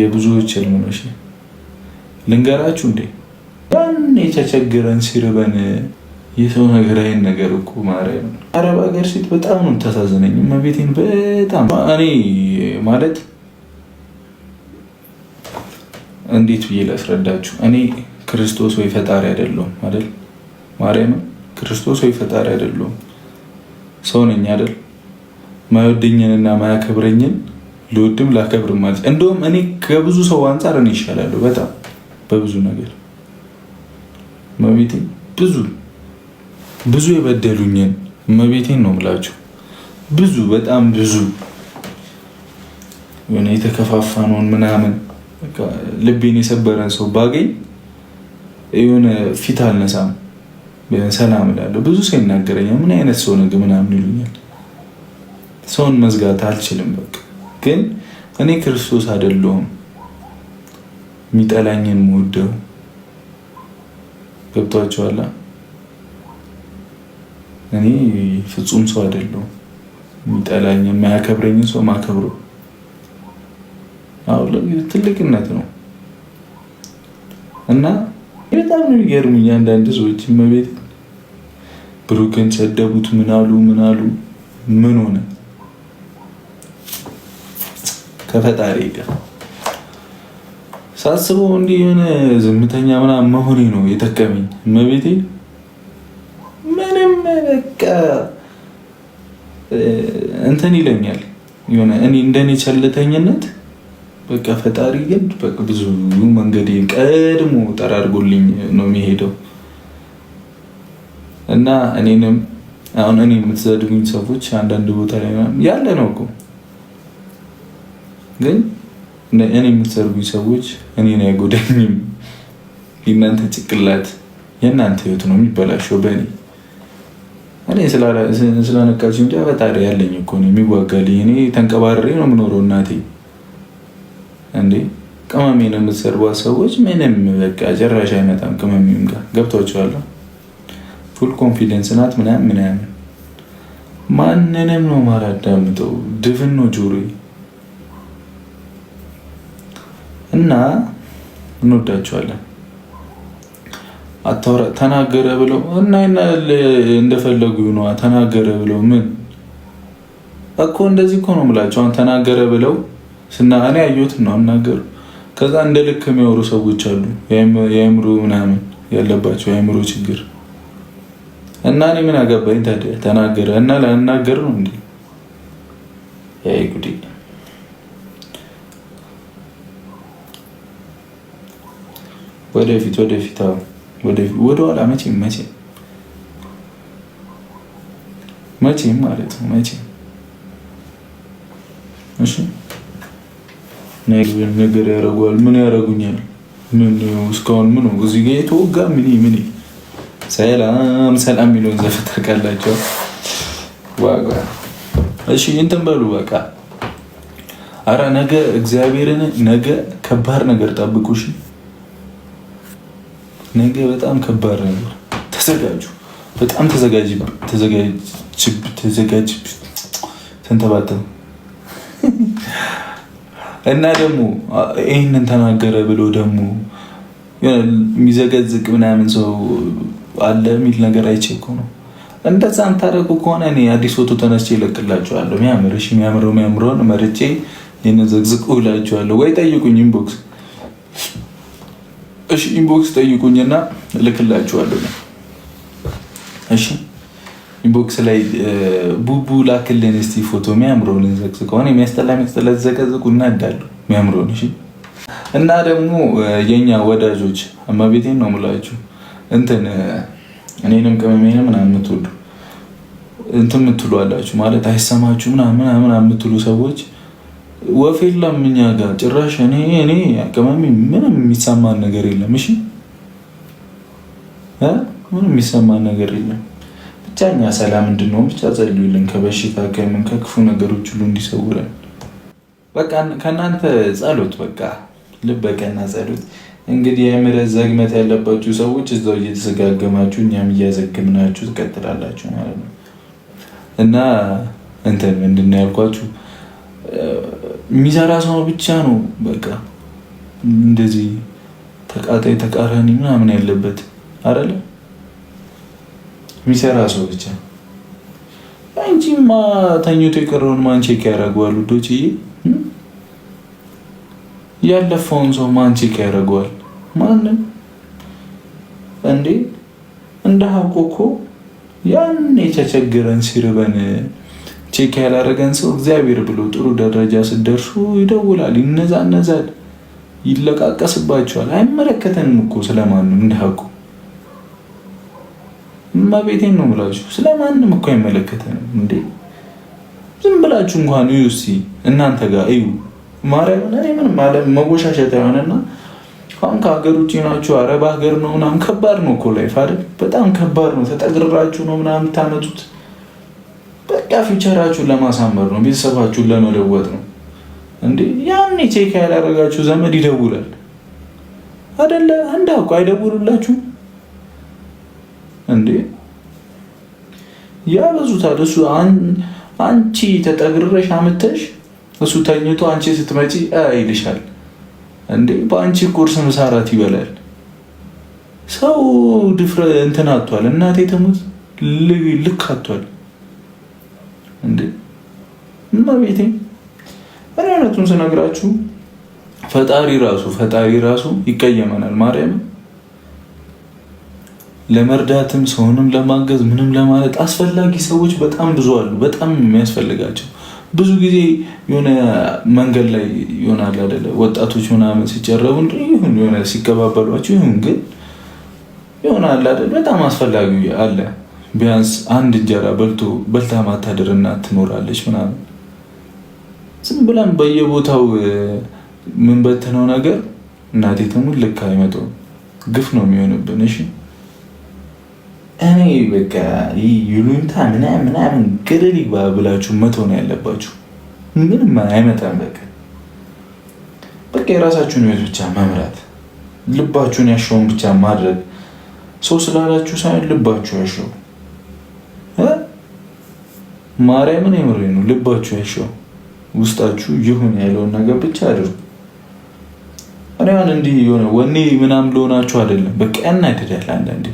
የብዙዎች ህልም ነው። ልንገራችሁ እንዴ ያን የተቸገረን ሲርበን የሰው ነገር አይን ነገር እኮ ማርያም አረብ ሀገር ሴት በጣም ነው ተሳዝነኝ። እመቤቴን በጣም እኔ ማለት እንዴት ብዬ ላስረዳችሁ? እኔ ክርስቶስ ወይ ፈጣሪ አይደለሁም አይደል? ማርያም ክርስቶስ ወይ ፈጣሪ አይደለሁም፣ ሰው ነኝ አይደል? ማይወደኝንና ማያከብረኝን ልወድም ላከብርም ማለት እንደውም እኔ ከብዙ ሰው አንጻር እኔ ይሻላሉ በጣም በብዙ ነገር መቤቴ ብዙ ብዙ የበደሉኝን መቤቴን ነው ምላቸው ብዙ በጣም ብዙ የሆነ የተከፋፋነውን ምናምን ልቤን የሰበረን ሰው ባገኝ የሆነ ፊት አልነሳም፣ ሰላም እላለሁ። ብዙ ሰው ይናገረኛል፣ ምን አይነት ሰው ነግ ምናምን ይሉኛል። ሰውን መዝጋት አልችልም በቃ ግን እኔ ክርስቶስ አይደለሁም የሚጠላኝን ወደው ገብቷቸዋላ። እኔ ፍጹም ሰው አይደለሁም የሚጠላኝ የማያከብረኝን ሰው ማከብሮ ትልቅነት ነው እና በጣም ነው የሚገርሙኝ አንዳንድ ሰዎች መቤት ብሩክን ሰደቡት ምናሉ ምናሉ ምን ሆነ ከፈጣሪ ጋር ሳስበው እንዲህ የሆነ ዝምተኛ ምናምን መሆኔ ነው የጠቀመኝ። መቤቴ ምንም በቃ እንትን ይለኛል የሆነ እኔ እንደኔ ቸልተኝነት በቃ ፈጣሪ ግን በቃ ብዙ መንገድ ቀድሞ ጠራርጎልኝ ነው የሚሄደው እና እኔንም አሁን እኔ የምትዘድጉኝ ሰዎች አንዳንድ ቦታ ላይ ያለ ነው እኮ ግን እኔ የምትሰርጉኝ ሰዎች እኔ ነው አይጎዳኝም። የእናንተ ጭቅላት የእናንተ ህይወት ነው የሚበላሸው በእኔ እኔ ስላነቃችሁ እንጂ በጣሪ ያለኝ እኮ ነው የሚዋጋልኝ። እኔ ተንቀባሬ ነው የምኖረው። እናቴ እንዴ ቅመሜ ነው የምትሰርቧት ሰዎች ምንም በቃ ጭራሽ አይመጣም። ቅመሜም ጋር ገብቷቸዋለ። ፉል ኮንፊደንስ ናት ምናምን ምናምን። ማንንም ነው ማላዳምጠው። ድፍን ነው ጆሮዬ እና እንወዳቸዋለን። አታውራ ተናገረ ብለው እና እንደፈለጉ ነዋ። ተናገረ ብለው ምን እኮ እንደዚህ እኮ ነው የምላቸው። ተናገረ ብለው ስና እኔ ያየሁት ነው አናገሩ። ከዛ እንደ ልክ የሚያወሩ ሰዎች አሉ፣ የአእምሮ ምናምን ያለባቸው የአእምሮ ችግር እና እኔ ምን አገባኝ ታዲያ። ተናገረ እና ላናገር ነው እንዴ? ያይ ጉዴ ወደፊት ወደፊት ወደኋላ መቼም መቼም መቼም ማለት ነው መቼም እሺ ነገር ያደርጓል። ምን ያደርጉኛል? ምን እስካሁን ምን ነው እዚህ ጋር የተወጋ ምን ምን ሰላም ሰላም የሚለውን ዘፈን ታውቃላቸው። ዋጋ እሺ እንትን በሉ በቃ። አረ ነገ እግዚአብሔርን ነገ ከባድ ነገር ጠብቁ እሺ። ነገ በጣም ከባድ ነገር ተዘጋጁ። በጣም ተዘጋጅ ተንተባተ እና ደግሞ ይህንን ተናገረ ብሎ ደግሞ የሚዘገዝቅ ምናምን ሰው አለ የሚል ነገር አይቼ እኮ ነው። እንደዛ እንታደረጉ ከሆነ እኔ አዲስ ፎቶ ተነስቼ ይለቅላችኋለሁ። ሚያምር የሚያምረው ሚያምረውን መርጬ ይህንን ዘግዝቁ እላችኋለሁ። ወይ ጠይቁኝ ኢንቦክስ እሺ ኢንቦክስ ጠይቁኝና ልክላችኋለሁ። እሺ ኢንቦክስ ላይ ቡቡ ላክልን እስቲ ፎቶ የሚያምረውን እንዘቅዝ ከሆነ የሚያስጠላ የሚያስጠላ ተዘቀዝቁ እናዳሉ የሚያምረውን። እሺ እና ደግሞ የኛ ወዳጆች እመቤቴን ነው የምላችሁ እንትን እኔንም ቅመሜንም ምናምን የምትወዱ እንትን የምትሉ አላችሁ ማለት አይሰማችሁ ምናምን ምናምን የምትሉ ሰዎች ወፍ የለም እኛ ጋር ጭራሽ። እኔ እኔ አቀማሚ ምንም የሚሰማን ነገር የለም። እሺ ምንም የሚሰማን ነገር የለም። ብቻ እኛ ሰላም እንድንሆን ብቻ ጸልዩልን፣ ከበሽታ ከምን ከክፉ ነገሮች ሁሉ እንዲሰውረን። በቃ ከእናንተ ጸሎት፣ በቃ ልበቀና ጸሎት። እንግዲህ የምሕረት ዘግመት ያለባችሁ ሰዎች እዛው እየተዘጋገማችሁ እኛም እያዘግምናችሁ ትቀጥላላችሁ ማለት ነው እና እንትን ምንድን ነው ያልኳችሁ የሚሰራ ሰው ብቻ ነው በቃ እንደዚህ ተቃጣይ ተቃራኒ ምናምን ያለበት አይደለ? የሚሰራ ሰው ብቻ አንቺማ ተኝቶ የቀረውን ማን ቼክ ያደርገዋል? ውዶችዬ ያለፈውን ሰው ማን ቼክ ያደርገዋል? ማንም እንዴ። እንደ ሀብቆ እኮ ያን የተቸገረን ሲርበን ቼክ ያላረገን ሰው እግዚአብሔር ብሎ ጥሩ ደረጃ ስደርሱ ይደውላል፣ ይነዛነዛል፣ ይለቃቀስባቸዋል። አይመለከተንም እኮ ስለማንም እንዳቁ እማቤቴን ነው ብላችሁ ስለማንም እኮ አይመለከተንም እንዴ! ዝም ብላችሁ እንኳን እዩ እስኪ እናንተ ጋር እዩ። ማርያምን እኔ ምንም ማለት መወሻሸት አሁን ከሀገር ውጭ ናችሁ፣ አረብ ሀገር ነው ምናምን። ከባድ ነው እኮ ላይፍ አይደል? በጣም ከባድ ነው። ተጠግርራችሁ ነው ምናምን የምታመጡት በቃ ፊውቸራችሁን ለማሳመር ነው፣ ቤተሰባችሁን ለመለወጥ ነው። እንዴ ያኔ ቼክ ያላረጋችሁ ዘመድ ይደውላል አደለ? እንዳውቁ አይደውሉላችሁም እንዴ? ያበዙታል። እሱ አንቺ ተጠግርረሽ አምተሽ እሱ ተኝቶ አንቺ ስትመጪ ይልሻል። እንዴ በአንቺ ቁርስ ምሳራት ይበላል። ሰው ድፍረ እንትን አቷል። እናቴ ትሙት ልክ አቷል። እንዴ እና ቤቴ ምን አይነቱን ስነግራችሁ ፈጣሪ ራሱ ፈጣሪ ራሱ ይቀየመናል። ማርያም ለመርዳትም ሰውንም ለማገዝ ምንም ለማለት አስፈላጊ ሰዎች በጣም ብዙ አሉ። በጣም የሚያስፈልጋቸው ብዙ ጊዜ የሆነ መንገድ ላይ ይሆናል አይደለ? ወጣቶች ምናምን ሲጨረቡ ይሁን የሆነ ሲቀባበሏቸው ይሁን ግን ይሆናል አይደል? በጣም አስፈላጊ አለ ቢያንስ አንድ እንጀራ በልቶ በልታ ማታደርና ትኖራለች ምናምን። ዝም ብለን በየቦታው ምንበትነው ነገር እናቴ ትሙት ልክ አይመጣውም፣ ግፍ ነው የሚሆንብን። እሺ እኔ በቃ ይሉኝታ ምናምን ምናምን ገደል ይግባ ብላችሁ መተው ነው ያለባችሁ። ምንም አይመጣም። በቃ በቃ የራሳችሁን ቤት ብቻ መምራት፣ ልባችሁን ያሸውን ብቻ ማድረግ። ሰው ስላላችሁ ሳይሆን ልባችሁ ያሸው ማርያምን የምሬ ነው። ልባችሁ ያሻው ውስጣችሁ ይሁን ያለውን ነገር ብቻ አድርጉ። እኔ አሁን እንዲህ የሆነ ወኔ ምናምን ለሆናችሁ አይደለም፣ በቃ ያናድዳል። አንዳንዴ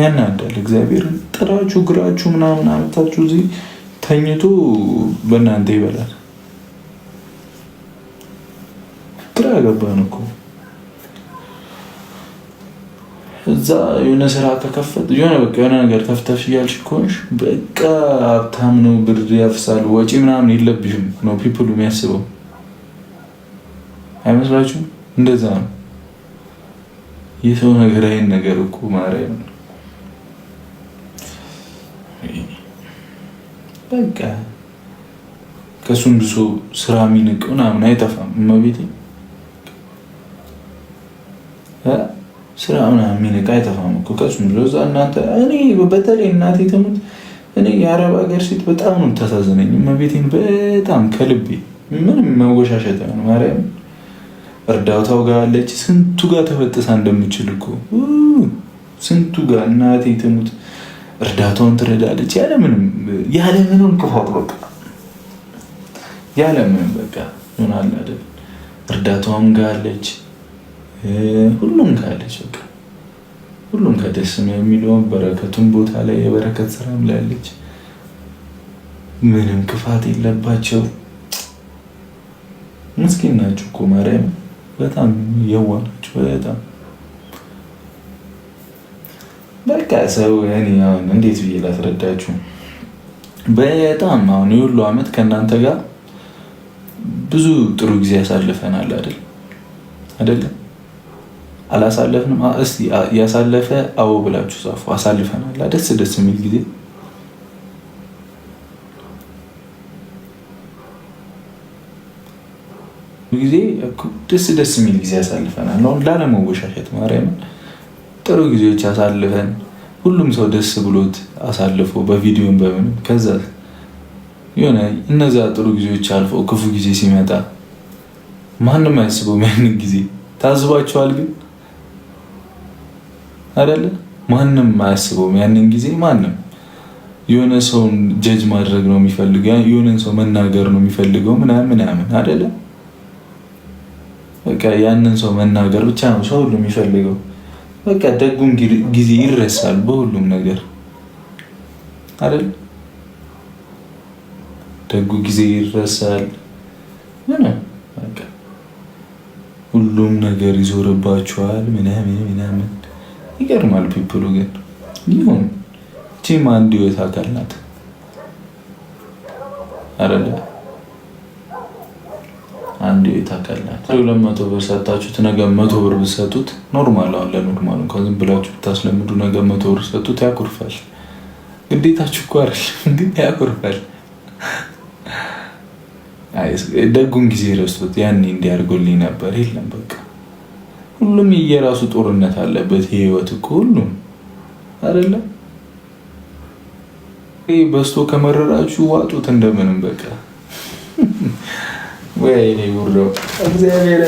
ያናዳል። እግዚአብሔር ጥራችሁ ግራችሁ ምናምን አመታችሁ እዚህ ተኝቶ በእናንተ ይበላል። ግራ ገባን እኮ እዛ የሆነ ስራ ተከፈት የሆነ በቃ የሆነ ነገር ተፍተፍ እያልሽ ከሆንሽ በቃ ሀብታም ነው፣ ብር ያፍሳል፣ ወጪ ምናምን የለብሽም ነው ፒፕሉ የሚያስበው አይመስላችሁም? እንደዛ ነው የሰው ነገር። አይን ነገር እኮ ማርያም በቃ ከእሱም ብሶ ስራ የሚንቅ ምናምን አይጠፋም እመቤቴ ስራ ምናምን የሚነቃ አይጠፋም እኮ ቀሱም ብሎ እናንተ እኔ በተለይ እናቴ ትሙት እኔ የአረብ ሀገር ሴት በጣም ነው የምታሳዝነኝ። እመቤቴን በጣም ከልቤ ምንም መወሻሸት ማርያም እርዳታው ጋር አለች ስንቱ ጋር ተፈጥሳ እንደምችል እኮ ስንቱ ጋር እናቴ ትሙት እርዳታውን ትረዳለች ያለምንም ያለምንም ክፋት በቃ ያለምንም በቃ ሆናል አይደል እርዳታውን ጋር አለች ሁሉም ካለች በቃ ሁሉም ከደስ የሚለውን በረከቱን ቦታ ላይ የበረከት ስራም ላለች ምንም ክፋት የለባቸው ምስኪን ናቸው እኮ ማርያም በጣም የዋ ናቸው። በጣም በቃ ሰው እኔ አሁን እንዴት ብዬ ላስረዳችሁ? በጣም አሁን የሁሉ አመት ከእናንተ ጋር ብዙ ጥሩ ጊዜ ያሳልፈናል አይደል አይደለም አላሳለፍንም። እስቲ ያሳለፈ አዎ ብላችሁ ጻፉ። አሳልፈናል። ደስ ደስ የሚል ጊዜ ጊዜ ደስ ደስ የሚል ጊዜ ያሳልፈናል። አሁን ላለመወሻሸት ማርያምን ጥሩ ጊዜዎች አሳልፈን ሁሉም ሰው ደስ ብሎት አሳልፎ በቪዲዮን በምን ከዛ የሆነ እነዛ ጥሩ ጊዜዎች አልፎ ክፉ ጊዜ ሲመጣ ማንም አያስበውም ያንን ጊዜ ታዝባችኋል ግን አይደለ? ማንም አያስበውም። ያንን ጊዜ ማንም የሆነ ሰውን ጀጅ ማድረግ ነው የሚፈልገው፣ የሆነን ሰው መናገር ነው የሚፈልገው ምናምን ምናምን አይደለ? በቃ ያንን ሰው መናገር ብቻ ነው ሰው ሁሉ የሚፈልገው። በቃ ደጉም ጊዜ ይረሳል በሁሉም ነገር አይደል? ደጉ ጊዜ ይረሳል። ሁሉም ነገር ይዞርባችኋል ምናምን ምናምን ይገርማል። ፒፕሉ ግን ይሁን ቲም አንድ ህይወት አካል ናት አይደለ? አንድ ህይወት አካል ናት። ሁለት መቶ ብር ሰጣችሁት፣ ነገ መቶ ብር ብሰጡት ኖርማል፣ አለ ለኖርማል እንኳን ብላችሁ ብታስለምዱ ነገ መቶ ብር ሰጡት፣ ያኮርፋል። ግዴታችሁ እኮ አይደለም ግን ያኮርፋል። ደጉን ጊዜ ረስቶት ያኔ እንዲያርጎልኝ ነበር የለም በቃ ሁሉም የየራሱ ጦርነት አለበት። የህይወት እኮ ሁሉም አይደለም። በስቶ ከመረራችሁ ዋጡት እንደምንም በቃ። ወይኔ ጉዳው እግዚአብሔር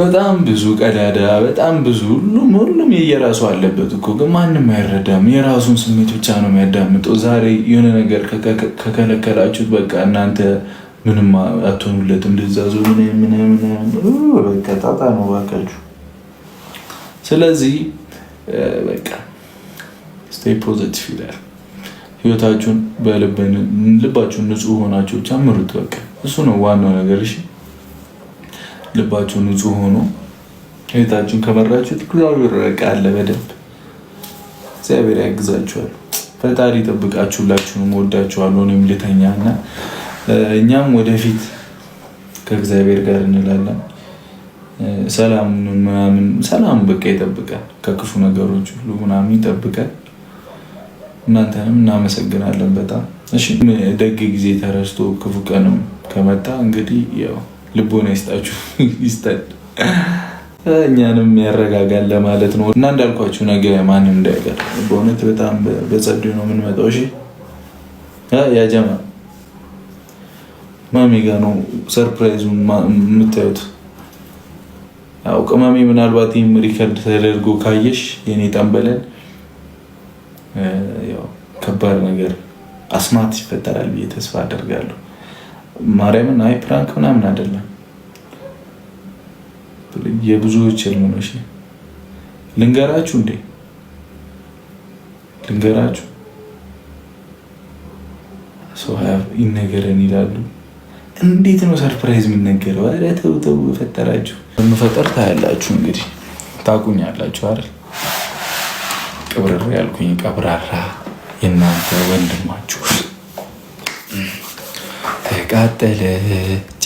በጣም ብዙ ቀዳዳ፣ በጣም ብዙ ሁሉም ሁሉም የየራሱ አለበት እኮ ግን ማንም አይረዳም። የራሱን ስሜት ብቻ ነው የሚያዳምጠው። ዛሬ የሆነ ነገር ከከለከላችሁት በቃ እናንተ ምንም አትሆኑለትም። እንደዛ ጣጣ ነው ባካችሁ። ስለዚህ በቃ ስቴይ ፖዘቲቭ ይላል። ህይወታችሁን ልባችሁን ንጹህ ሆናችሁ ብቻ ምሩት። በቃ እሱ ነው ዋናው ነገር። እሺ ልባችሁን ንጹህ ሆኖ ህይወታችሁን ከመራችሁት እግዚአብሔር በቃ አለ በደንብ እግዚአብሔር ያግዛችኋል። ፈጣሪ ይጠብቃችሁላችሁንም። ወዳችኋለሁ። እኔም ልተኛ እና እኛም ወደፊት ከእግዚአብሔር ጋር እንላለን። ሰላሙን ምናምን ሰላም በቃ ይጠብቃል፣ ከክፉ ነገሮች ሁሉ ምናምን ይጠብቃል። እናንተንም እናመሰግናለን በጣም እሺ። ደግ ጊዜ ተረስቶ ክፉ ቀንም ከመጣ እንግዲህ ያው ልቦና ይስጣችሁ ይስጠን፣ እኛንም ያረጋጋል ለማለት ነው እና እንዳልኳችሁ ነገ ማንም እንዳይቀር በእውነት በጣም በጸዱ ነው የምንመጣው። እሺ ያጀማ ቅመሜ ጋ ነው ሰርፕራይዙን የምታዩት። ያው ቅመሜ ምናልባት ይህም ሪከርድ ተደርጎ ካየሽ የኔ ጠንበለን ከባድ ነገር አስማት ይፈጠራል ብዬ ተስፋ አደርጋለሁ። ማርያምን አይ ፕራንክ ምናምን አይደለም፣ የብዙዎች ህልም ነው። ልንገራችሁ እንዴ ልንገራችሁ ሰው ይነገረን ይላሉ። እንዴት ነው ሰርፕራይዝ የምነገረው? ኧረ ተው ተው በፈጠራችሁ። ታያላችሁ እንግዲህ ታቁኛላችሁ አይደል? ቅብርር ያልኩኝ ቀብራራ የእናንተ ወንድማችሁ ተቃጠለ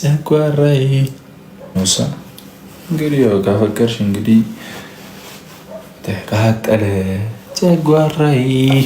ጨጓራዬ። ሙሳ እንግዲህ ያው ካፈቀርሽ እንግዲህ ተቃጠለ ጨጓራዬ